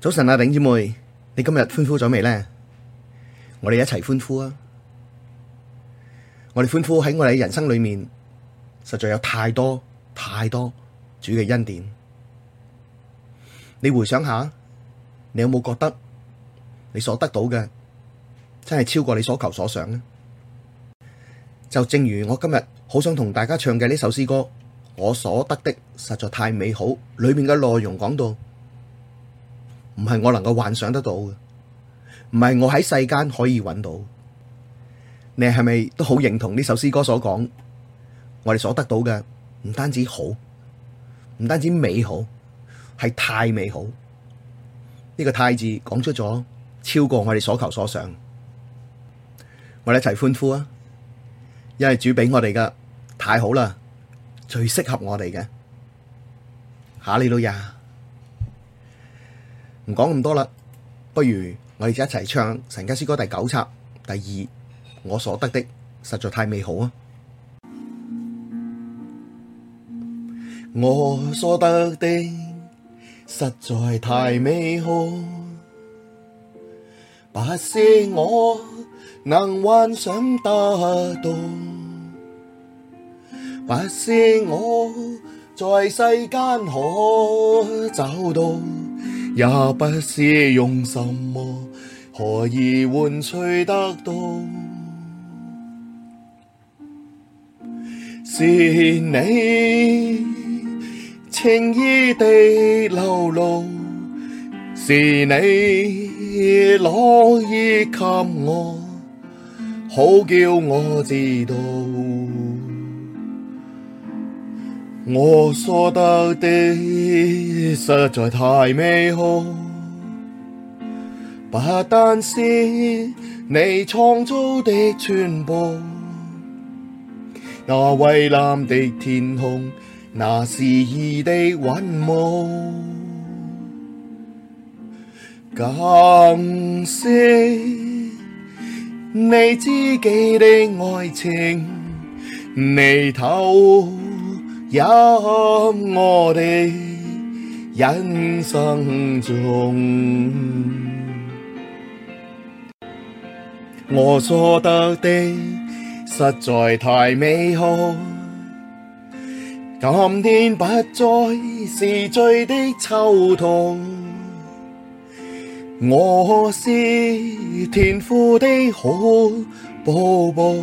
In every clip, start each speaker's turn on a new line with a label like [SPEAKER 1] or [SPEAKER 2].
[SPEAKER 1] 早晨啊，頂姐妹，你今日歡呼咗未呢？我哋一齊歡呼啊！我哋歡呼喺我哋人生裏面，實在有太多太多主嘅恩典。你回想下，你有冇覺得你所得到嘅真係超過你所求所想呢？就正如我今日好想同大家唱嘅呢首詩歌《我所得的實在太美好》裏面嘅內容講到。唔係我能夠幻想得到嘅，唔係我喺世間可以揾到。你係咪都好認同呢首詩歌所講？我哋所得到嘅唔單止好，唔單止美好，係太美好。呢個太字講出咗，超過我哋所求所想。我哋一齊歡呼啊！因為主俾我哋嘅太好啦，最適合我哋嘅。哈利路亞！唔講咁多啦，不如我哋一齊唱《神家詩歌》第九冊第二，我所得的實在太美好啊！我所得的實在
[SPEAKER 2] 太美好，不是我能幻想得到，不是我在世間可找到。也不是用什麼，可以換取得到，是你情意的流露，是你樂意給我，好叫我知道。我所得的實在太美好，不單是你創造的全部，那蔚藍的天空，那詩意的雲霧，更是你自己的愛情，祢投。有我哋人生中，
[SPEAKER 1] 我所
[SPEAKER 2] 得的實在太美好。今天不再是罪的囚徒，我是天父的好寶寶。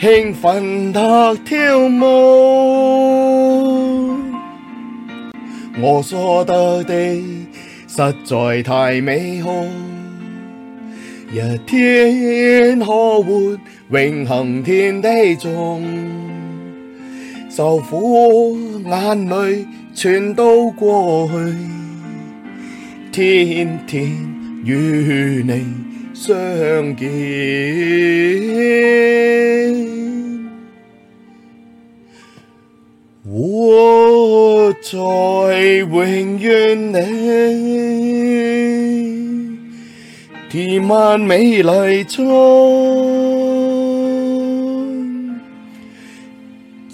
[SPEAKER 2] 興奮得跳舞，我所得的實在太美好，一天可活永恆天地中，愁苦、眼淚全都過去，天天與你。相見，我在永遠你，甜蜜美麗中，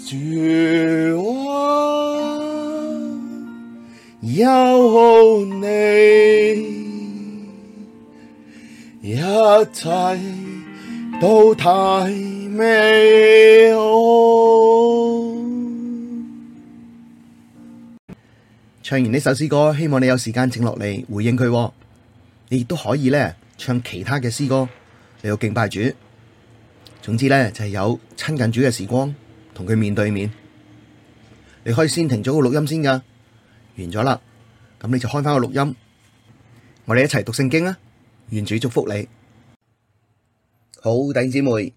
[SPEAKER 2] 全因有你。一切
[SPEAKER 1] 都太美好。唱完呢首詩歌，希望你有時間靜落嚟，回應佢。你亦都可以咧，唱其他嘅詩歌，你要敬拜主。總之咧，就係有親近主嘅時光，同佢面對面。你可以先停咗個錄音先噶，完咗啦，咁你就開翻個錄音，我哋一齊讀聖經啊！願主祝福你。好，弟兄姊妹，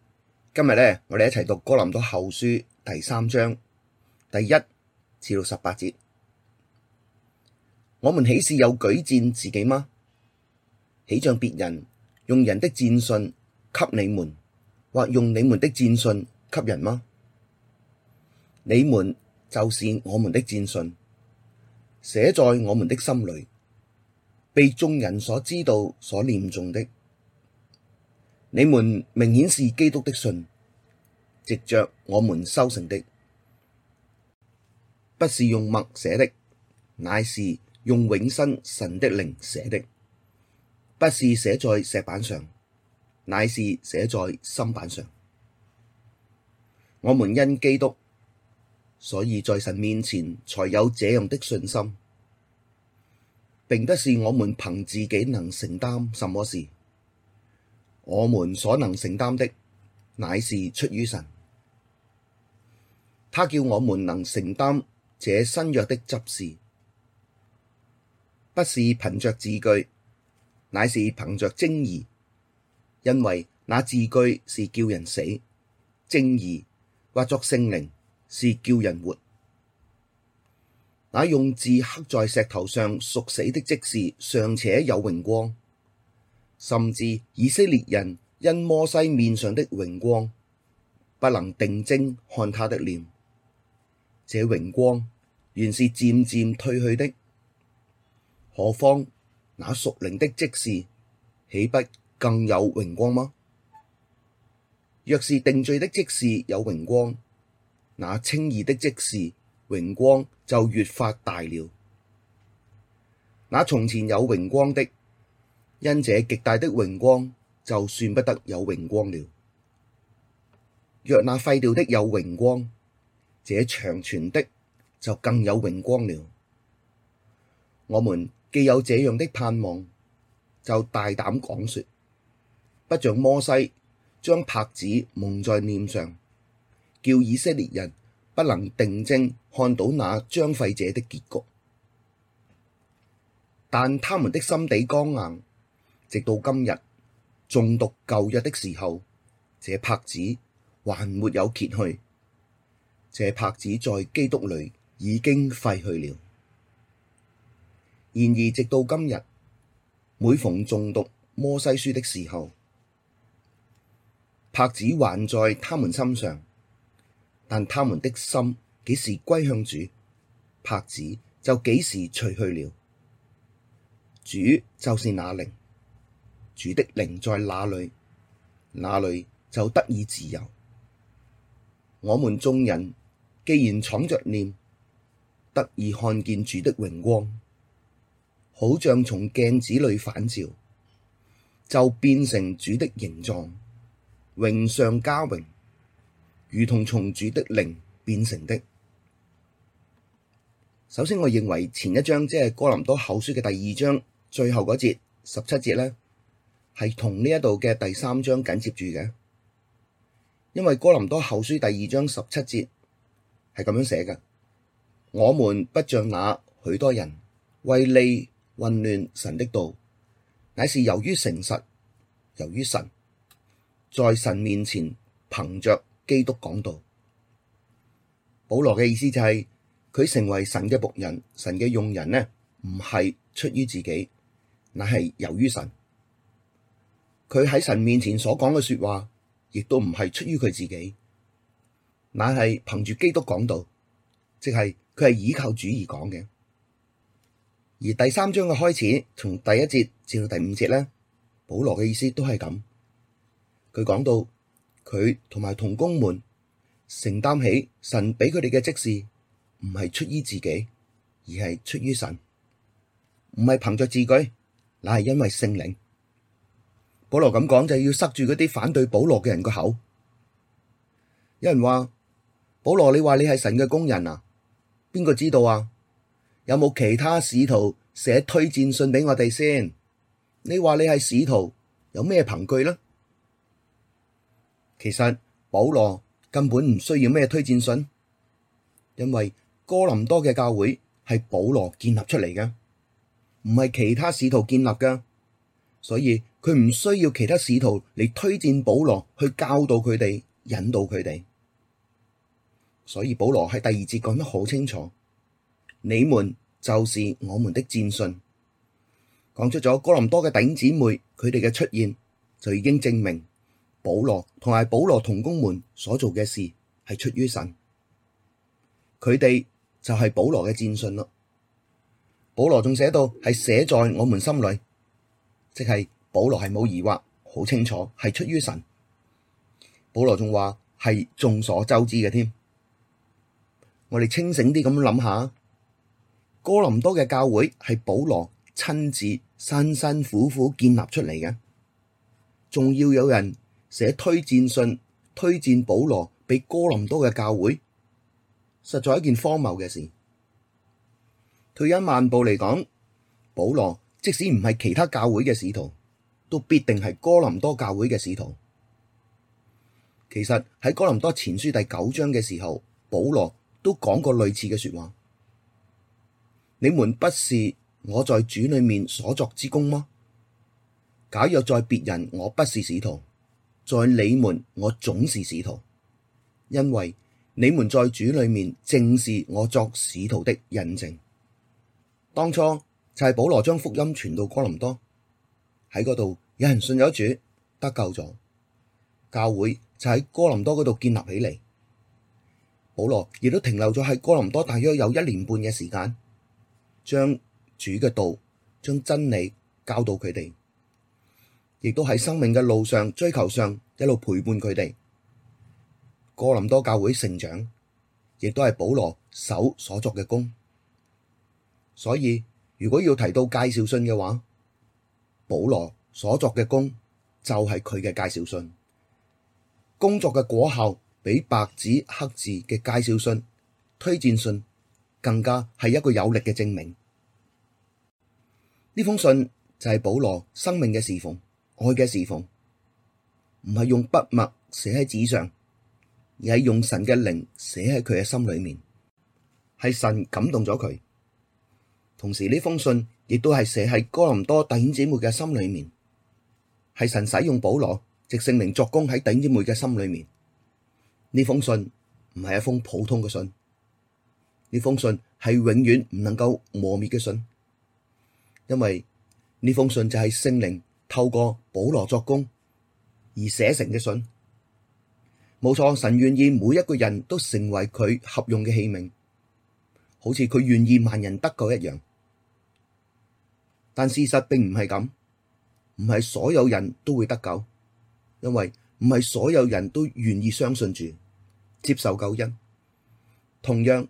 [SPEAKER 1] 今日呢，我哋一齊讀哥林多後書第三章第一至到十八節。我們豈是又舉薦自己嗎？豈像別人用人的薦信給你們，或用你們的薦信給人嗎？你們就是我們的薦信，寫在我們的心裡。被眾人所知道、所念誦的。你們明顯是基督的信，藉着我們修成的，不是用墨寫的，乃是用永生神的靈寫的，不是寫在石版上，乃是寫在心版上。我們因基督，所以在神面前才有這樣的信心。並不是我們憑自己能承擔什麼事，我們所能承擔的，乃是出於神。他叫我們能承擔這新約的執事，不是憑着字句，乃是憑着精意，因為那字句是叫人死，精意或作聖靈是叫人活。那用字刻在石頭上屬死的職事，尚且有榮光；甚至以色列人因摩西面上的榮光，不能定睛看他的臉。這榮光原是漸漸退去的。何況那屬靈的職事，豈不更有榮光嗎？若是定罪的職事有榮光，那稱義的職事，榮光就越發大了。那從前有榮光的，因這極大的榮光，就算不得有榮光了。若那廢掉的有榮光，這長存的就更有榮光了。我們既有這樣的盼望，就大膽講說，不像摩西將帕子蒙在臉上，叫以色列人。不能定睛看到那將廢者的結局，但他們的心地剛硬，直到今日誦讀舊約的時候，這帕子還沒有揭去。這帕子在基督裡已經廢去了。然而直到今日，每逢誦讀摩西書的時候，帕子還在他們心上。但他們的心幾時歸向主，帕子就幾時除去了。主就是那靈，主的靈在哪裡，那裡就得以自由。我們眾人既然敞着臉，得以看見主的榮光，好像從鏡子裡反照，就變成主的形狀，榮上加榮，如同從主的靈變成的。首先，我認為前一章即係哥林多後書嘅第二章最後嗰節十七節呢，係同呢一度嘅第三章緊接住嘅，因為哥林多後書第二章十七節係咁樣寫嘅：我們不像那許多人為利混亂神的道，乃是由於誠實，由於神在神面前憑着，基督講道，保羅嘅意思就係、是、佢成為神嘅僕人，神嘅用人呢，唔係出於自己，乃係由於神。佢喺神面前所講嘅說話，亦都唔係出於佢自己，乃係憑住基督講道，即係佢係依靠主而講嘅。而第三章嘅開始，從第一節至到第五節呢，保羅嘅意思都係咁，佢講到。佢同埋同工們承擔起神俾佢哋嘅職事，唔係出於自己，而係出於神，唔係憑着字句，乃係因為聖靈。保羅咁講就要塞住嗰啲反對保羅嘅人個口。有人話保羅，你話你係神嘅工人啊？邊個知道啊？有冇其他使徒寫推薦信俾我哋先？你話你係使徒，有咩憑據呢？」其實保羅根本唔需要咩推薦信，因為哥林多嘅教會係保羅建立出嚟嘅，唔係其他使徒建立噶，所以佢唔需要其他使徒嚟推薦保羅去教導佢哋、引導佢哋。所以保羅喺第二節講得好清楚，你們就是我們的薦信，講出咗哥林多嘅頂姊妹佢哋嘅出現就已經證明。保羅同埋保羅同工們所做嘅事係出於神，佢哋就係保羅嘅薦信咯。保羅仲寫到係寫在我們心裡，即係保羅係冇疑惑，好清楚係出於神。保羅仲話係眾所周知嘅添。我哋清醒啲咁諗下，哥林多嘅教會係保羅親自辛辛苦苦建立出嚟嘅，仲要有人寫推薦信推薦保羅俾哥林多嘅教會，實在係一件荒謬嘅事。退一萬步嚟講，保羅即使唔係其他教會嘅使徒，都必定係哥林多教會嘅使徒。其實喺哥林多前書第九章嘅時候，保羅都講過類似嘅說話：「你們不是我在主裡面所作之功嗎？假若在別人我不是使徒。在你們，我總是使徒，因為你們在主裡面正是我作使徒的印證。當初就係保羅將福音傳到哥林多，喺嗰度有人信咗主，得救咗，教會就喺哥林多嗰度建立起嚟。保羅亦都停留咗喺哥林多大約有一年半嘅時間，將主嘅道，將真理教到佢哋。亦都喺生命嘅路上追求上一路陪伴佢哋。哥林多教會成長，亦都係保羅手所作嘅工。所以如果要提到介紹信嘅話，保羅所作嘅工，就係佢嘅介紹信。工作嘅果效比白紙黑字嘅介紹信、推薦信更加係一個有力嘅證明。呢封信就係保羅生命嘅侍奉。愛嘅侍奉唔係用筆墨寫喺紙上，而係用神嘅靈寫喺佢嘅心裏面，係神感動咗佢。同時呢封信亦都係寫喺哥林多弟兄姊妹嘅心裏面，係神使用保羅藉聖靈作工喺弟兄姊妹嘅心裏面。呢封信唔係一封普通嘅信，呢封信係永遠唔能夠磨滅嘅信，因為呢封信就係聖靈。透過保羅作工而寫成嘅信，冇錯，神願意每一個人都成為佢合用嘅器皿，好似佢願意萬人得救一樣。但事實並唔係咁，唔係所有人都會得救，因為唔係所有人都願意相信住，接受救恩。同樣，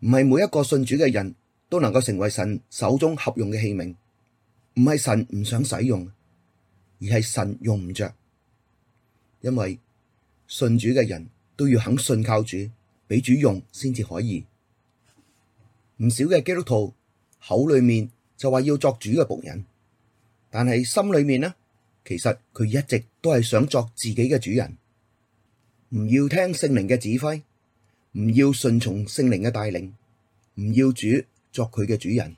[SPEAKER 1] 唔係每一個信主嘅人都能夠成為神手中合用嘅器皿。唔係神唔想使用，而係神用唔着，因為信主嘅人都要肯信靠主，俾主用先至可以。唔少嘅基督徒口裏面就話要作主嘅僕人，但係心裏面呢，其實佢一直都係想作自己嘅主人，唔要聽聖靈嘅指揮，唔要順從聖靈嘅帶領，唔要主作佢嘅主人。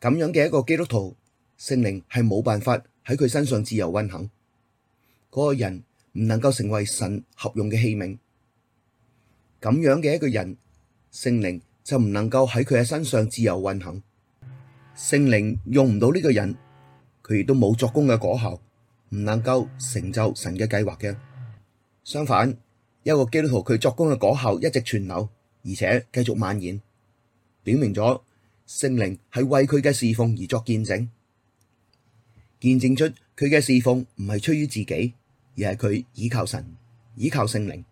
[SPEAKER 1] 咁樣嘅一個基督徒，聖靈係冇辦法喺佢身上自由運行，嗰個人唔能夠成為神合用嘅器皿。咁樣嘅一個人，聖靈就唔能夠喺佢嘅身上自由運行，聖靈用唔到呢個人，佢亦都冇作工嘅果效，唔能夠成就神嘅計劃嘅。相反，一個基督徒佢作工嘅果效一直存留，而且繼續蔓延，表明咗。聖靈係為佢嘅侍奉，而作見證，見證出佢嘅侍奉唔係出於自己，而係佢倚靠神、倚靠聖靈。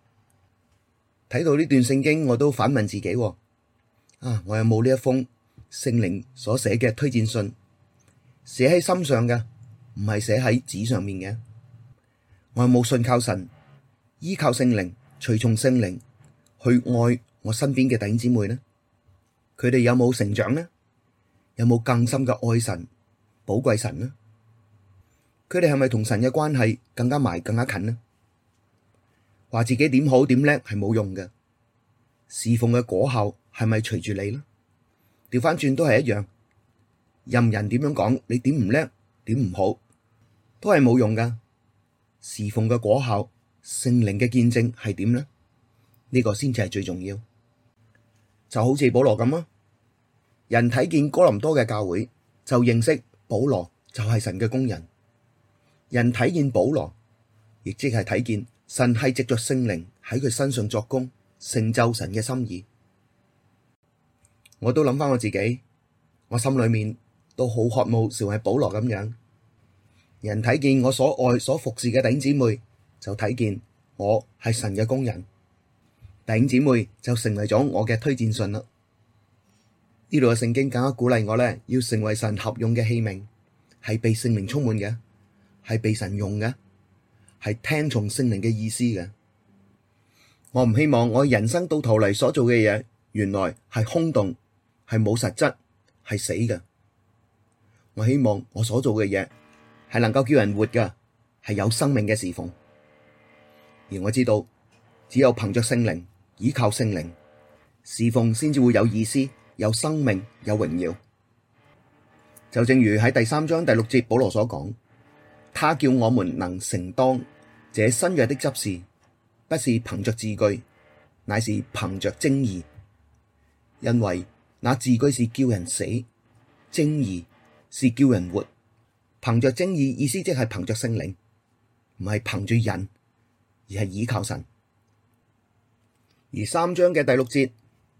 [SPEAKER 1] 睇到呢段聖經，我都反問自己，啊，我有冇呢一封聖靈所寫嘅推薦信，寫喺心上嘅，唔係寫喺紙上面嘅。我有冇信靠神，依靠聖靈，隨從聖靈去愛我身邊嘅弟兄姊妹呢？佢哋有冇成長呢？有冇更深嘅愛神、寶貴神呢？佢哋係咪同神嘅關係更加埋、更加近呢？話自己點好、點叻係冇用嘅，侍奉嘅果效係咪隨住你啦？調翻轉都係一樣，任人點樣講，你點唔叻、點唔好，都係冇用噶。侍奉嘅果效、聖靈嘅見證係點呢？呢個先至係最重要。就好似保羅咁咯，人睇見哥林多嘅教會就認識保羅就係神嘅工人，人睇見保羅，亦即係睇見神係藉着聖靈喺佢身上作工，成就神嘅心意。我都諗翻我自己，我心裏面都好渴望成為保羅咁樣，人睇見我所愛所服侍嘅弟兄姊妹就睇見我係神嘅工人。弟兄姐妹就成為咗我嘅推薦信啦。呢度嘅聖經更加鼓勵我咧，要成為神合用嘅器皿，係被聖靈充滿嘅，係被神用嘅，係聽從聖靈嘅意思嘅。我唔希望我人生到頭嚟所做嘅嘢，原來係空洞，係冇實質，係死嘅。我希望我所做嘅嘢係能夠叫人活嘅，係有生命嘅侍奉。而我知道，只有憑着聖靈。倚靠聖靈侍奉，先至會有意思、有生命、有榮耀。就正如喺第三章第六節保羅所講，他叫我們能承當這新約的執事，不是憑着字句，乃是憑着精意。因為那字句是叫人死，精意是叫人活。憑着精意意思即係憑着聖靈，唔係憑住人，而係倚靠神。而三章嘅第六節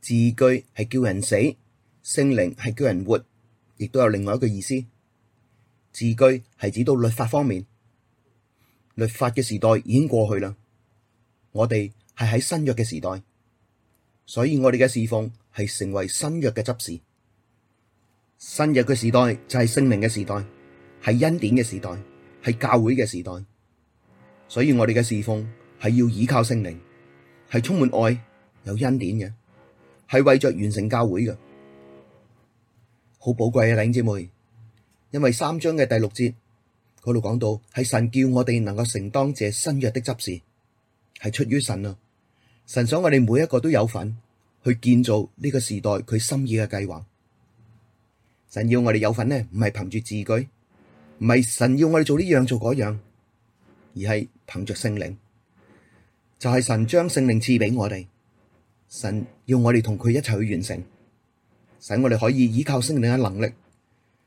[SPEAKER 1] 字句係叫人死，聖靈係叫人活，亦都有另外一個意思。字句係指到律法方面，律法嘅時代已經過去啦。我哋係喺新約嘅時代，所以我哋嘅侍奉係成為新約嘅執事。新約嘅時代就係聖靈嘅時代，係恩典嘅時代，係教會嘅時代。所以我哋嘅侍奉係要依靠聖靈。係充滿愛、有恩典嘅，係為着完成教會嘅，好寶貴啊！弟兄姊妹，因為三章嘅第六節嗰度講到，係神叫我哋能夠承當這新約的執事，係出於神啊！神想我哋每一個都有份去建造呢個時代佢心意嘅計劃。神要我哋有份咧，唔係憑住字句，唔係神要我哋做呢樣做嗰樣，而係憑着聖靈。就係神將聖靈賜俾我哋，神要我哋同佢一齊去完成，使我哋可以依靠聖靈嘅能力，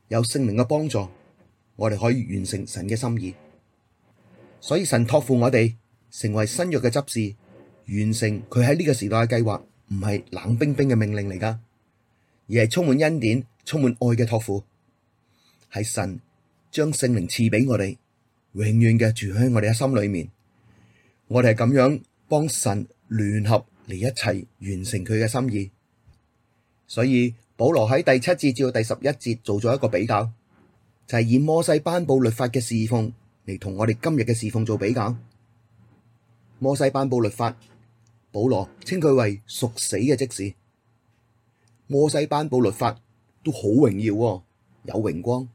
[SPEAKER 1] 有聖靈嘅幫助，我哋可以完成神嘅心意。所以神託付我哋成為新約嘅執事，完成佢喺呢個時代嘅計劃，唔係冷冰冰嘅命令嚟㗎，而係充滿恩典、充滿愛嘅託付。係神將聖靈賜俾我哋，永遠嘅住喺我哋嘅心裏面。我哋係咁樣幫神聯合嚟，一齊完成佢嘅心意，所以保羅喺第七節至到第十一節做咗一個比較，就係、是、以摩西頒布律法嘅侍奉嚟，同我哋今日嘅侍奉做比較。摩西頒布律法，保羅稱佢為屬死嘅職事。摩西頒布律法都好榮耀喎，有榮光，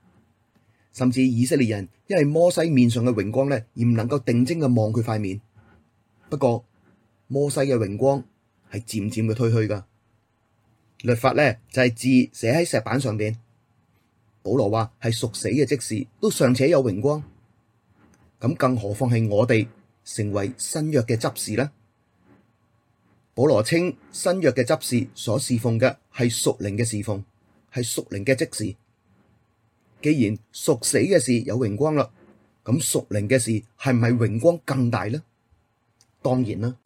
[SPEAKER 1] 甚至以色列人因為摩西面上嘅榮光呢，而唔能夠定睛嘅望佢塊面。不過摩西嘅榮光係漸漸嘅退去㗎，律法咧就係、是、字寫喺石板上面。保羅話係屬死嘅職事，都尚且有榮光，咁更何況係我哋成為新約嘅執事呢？保羅稱新約嘅執事所侍奉嘅係屬靈嘅侍奉，係屬靈嘅職事。既然屬死嘅事有榮光啦，咁屬靈嘅事係咪榮光更大呢？當然啦，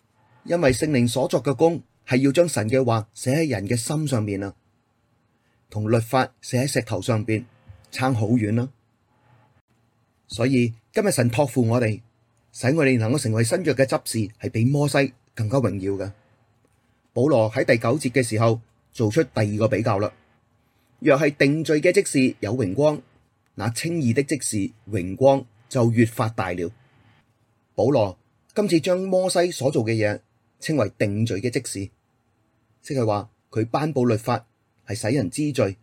[SPEAKER 1] 因為聖靈所作嘅功係要將神嘅話寫喺人嘅心上面啊，同律法寫喺石頭上邊，差好遠啦。所以今日神託付我哋，使我哋能夠成為新約嘅執事，係比摩西更加榮耀嘅。保羅喺第九節嘅時候做出第二個比較啦，若係定罪嘅職事有榮光，那稱義的職事榮光就越發大了。保羅。今次將摩西所做嘅嘢稱為定罪嘅職事，即係話佢頒布律法係使人知罪，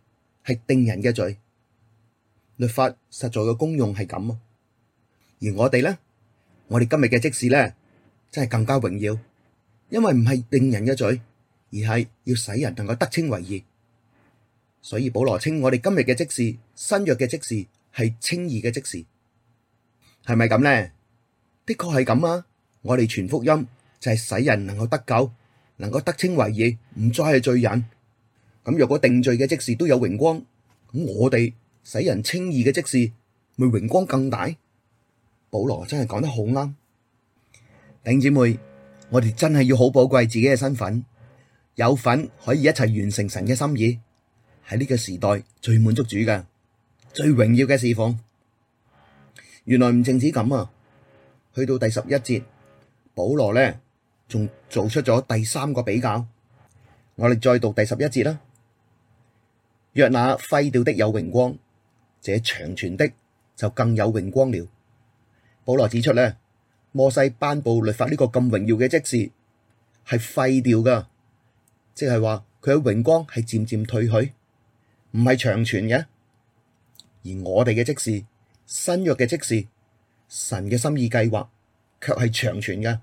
[SPEAKER 1] 係定人嘅罪。律法實在嘅功用係咁啊。而我哋呢，我哋今日嘅職事呢，真係更加榮耀，因為唔係定人嘅罪，而係要使人能夠得稱為義。所以保羅稱我哋今日嘅職事，新約嘅職事係稱義嘅職事，係咪咁呢？的確係咁啊。我哋全福音就係使人能夠得救，能夠得稱為義，唔再係罪人。咁若果定罪嘅職事都有榮光，咁我哋使人稱義嘅職事，咪榮光更大？保羅真係講得好啱，弟姊妹，我哋真係要好寶貴自己嘅身份，有份可以一齊完成神嘅心意，喺呢個時代最滿足主嘅，最榮耀嘅侍奉。原來唔淨止咁啊，去到第十一節。保羅呢，仲做出咗第三個比較。我哋再讀第十一節啦。若那廢掉的有榮光，這長存的就更有榮光了。保羅指出呢，摩西頒布律法呢個咁榮耀嘅職事，係廢掉噶，即係話佢嘅榮光係漸漸退去，唔係長存嘅。而我哋嘅職事，新約嘅職事，神嘅心意計劃，卻係長存嘅，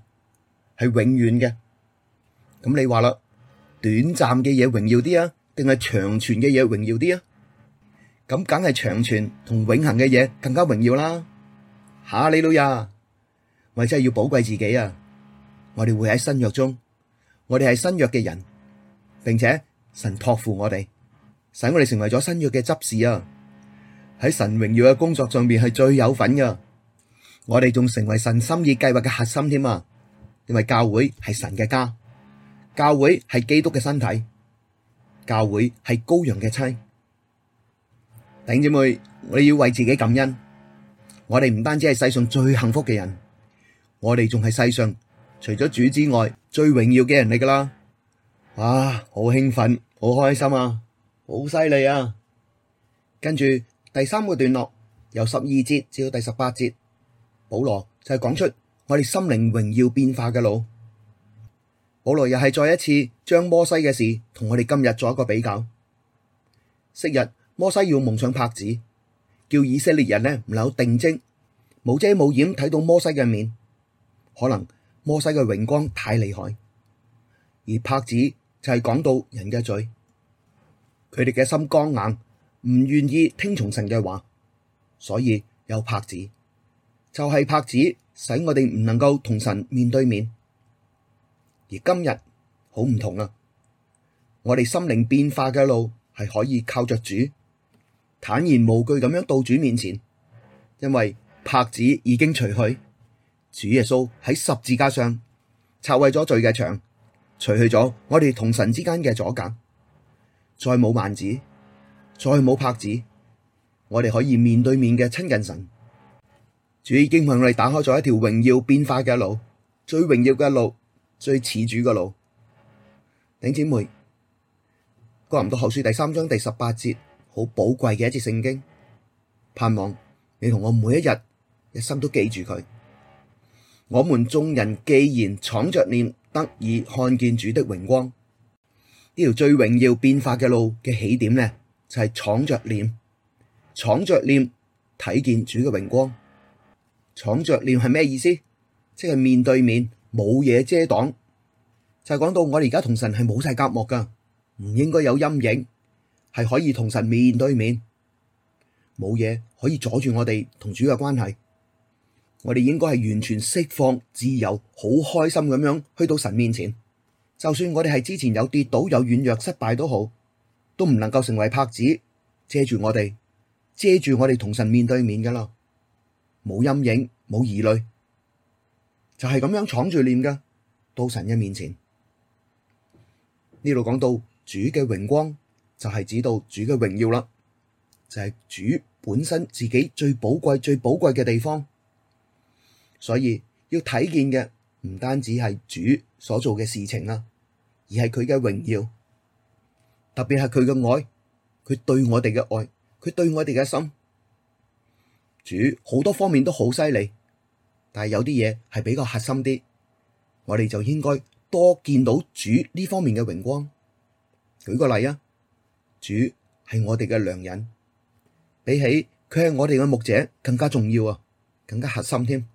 [SPEAKER 1] 係永遠嘅。咁你話啦，短暫嘅嘢榮耀啲啊，定係長存嘅嘢榮耀啲啊？咁梗係長存同永恒嘅嘢更加榮耀啦。哈利路亞，我真係要寶貴自己啊！我哋會喺新約中，我哋係新約嘅人，並且神託付我哋，使我哋成為咗新約嘅執事啊！喺神榮耀嘅工作上面係最有份噶。我哋仲成為神心意計劃嘅核心添啊！因為教會係神嘅家，教會係基督嘅身體，教會係羔羊嘅妻。弟兄姐妹，我哋要為自己感恩。我哋唔單止係世上最幸福嘅人，我哋仲係世上除咗主之外最榮耀嘅人嚟噶啦。哇，好興奮，好開心啊，好犀利啊！跟住第三個段落，由十二節至到第十八節。保羅就係講出我哋心靈榮耀變化嘅路。保羅又係再一次將摩西嘅事同我哋今日做一個比較。昔日摩西要蒙上帕子，叫以色列人呢唔留定睛，冇遮冇掩睇到摩西嘅面。可能摩西嘅榮光太厲害，而帕子就係講到人嘅罪，佢哋嘅心剛硬，唔願意聽從神嘅話，所以有帕子。就係帕子，使我哋唔能夠同神面對面。而今日好唔同啦，啊，我哋心靈變化嘅路係可以靠着主，坦然無懼咁樣到主面前，因為帕子已經除去，主耶穌喺十字架上拆毀咗罪嘅牆，除去咗我哋同神之間嘅阻隔，再冇幔子，再冇帕子，我哋可以面對面嘅親近神。主已經為我哋打開咗一條榮耀變化嘅路，最榮耀嘅路，最似主嘅路。頂姐妹，哥林多後書第三章第十八節，好寶貴嘅一節聖經，盼望你同我每一日、一心都記住佢。我們眾人既然敞著臉，得以看見主的榮光。呢條最榮耀變化嘅路嘅起點呢，就係、是、敞著臉，敞著臉睇見主嘅榮光。敞着臉係咩意思？即係面對面，冇嘢遮擋，就係講到我哋而家同神係冇晒隔膜噶，唔應該有陰影，係可以同神面對面，冇嘢可以阻住我哋同主嘅關係。我哋應該係完全釋放自由，好開心咁樣去到神面前。就算我哋係之前有跌倒，有軟弱，失敗都好，都唔能夠成為帕子遮住我哋，遮住我哋同神面對面噶啦。冇陰影，冇疑慮，就係咁樣敞住臉㗎到神嘅面前。呢度講到主嘅榮光，就係指到主嘅榮耀啦，就係主本身自己最寶貴、最寶貴嘅地方。所以要睇見嘅唔單止係主所做嘅事情啦，而係佢嘅榮耀，特別係佢嘅愛，佢對我哋嘅愛，佢對我哋嘅心。主好多方面都好犀利，但係有啲嘢係比較核心啲，我哋就應該多見到主呢方面嘅榮光。舉個例啊，主係我哋嘅良人，比起佢係我哋嘅牧者更加重要啊，更加核心添。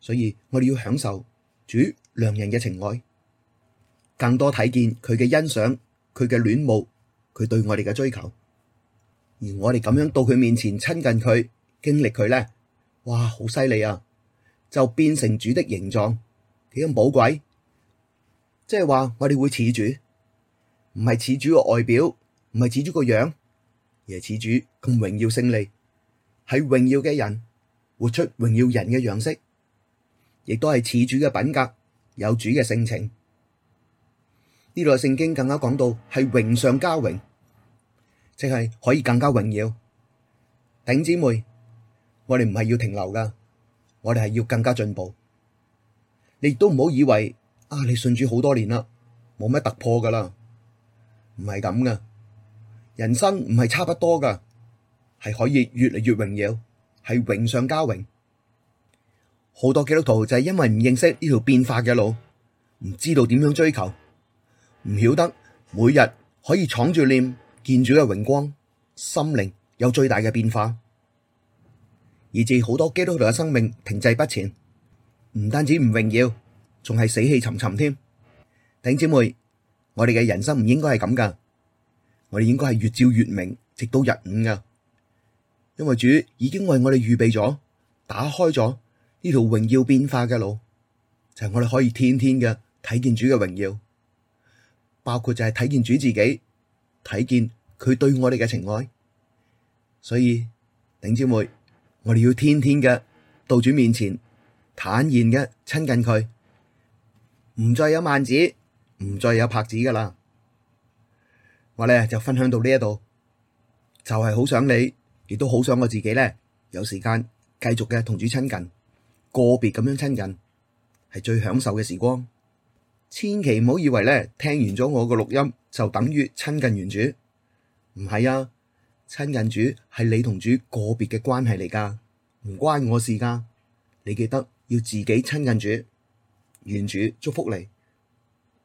[SPEAKER 1] 所以我哋要享受主良人嘅情愛，更多睇見佢嘅欣賞、佢嘅戀慕、佢對我哋嘅追求。而我哋咁樣到佢面前親近佢、經歷佢咧，哇，好犀利啊！就變成主的形狀，幾咁寶貴。即係話我哋會似主，唔係似主個外表，唔係似主個樣，而係似主咁榮耀、勝利，係榮耀嘅人，活出榮耀人嘅樣式，亦都係似主嘅品格，有主嘅性情。呢度聖經更加講到係榮上加榮。即係可以更加榮耀，頂姊妹，我哋唔係要停留噶，我哋係要更加進步。你都唔好以為啊，你信主好多年啦，冇乜突破噶啦，唔係咁噶。人生唔係差不多噶，係可以越嚟越榮耀，係榮上加榮。好多基督徒就係因為唔認識呢條變化嘅路，唔知道點樣追求，唔曉得每日可以闖住念，見主嘅榮光，心靈有最大嘅變化，以致好多基督徒嘅生命停滯不前，唔單止唔榮耀，仲係死氣沉沉添。弟兄姊妹，我哋嘅人生唔應該係咁噶，我哋應該係越照越明，直到日午噶。因為主已經為我哋預備咗，打開咗呢條榮耀變化嘅路，就係我哋可以天天嘅睇見主嘅榮耀，包括就係睇見主自己，睇見。佢對我哋嘅情愛，所以弟兄姊妹，我哋要天天嘅到主面前坦然嘅親近佢，唔再有幔子，唔再有帕子㗎喇。我呢就分享到呢一度，就係、是、好想你，亦都好想我自己呢有時間繼續嘅同主親近，個別咁樣親近係最享受嘅時光。千祈唔好以為呢聽完咗我個錄音就等於親近完主。唔係啊，親近主係你同主個別嘅關係嚟㗎，唔關我事㗎。你記得要自己親近主，願主祝福你。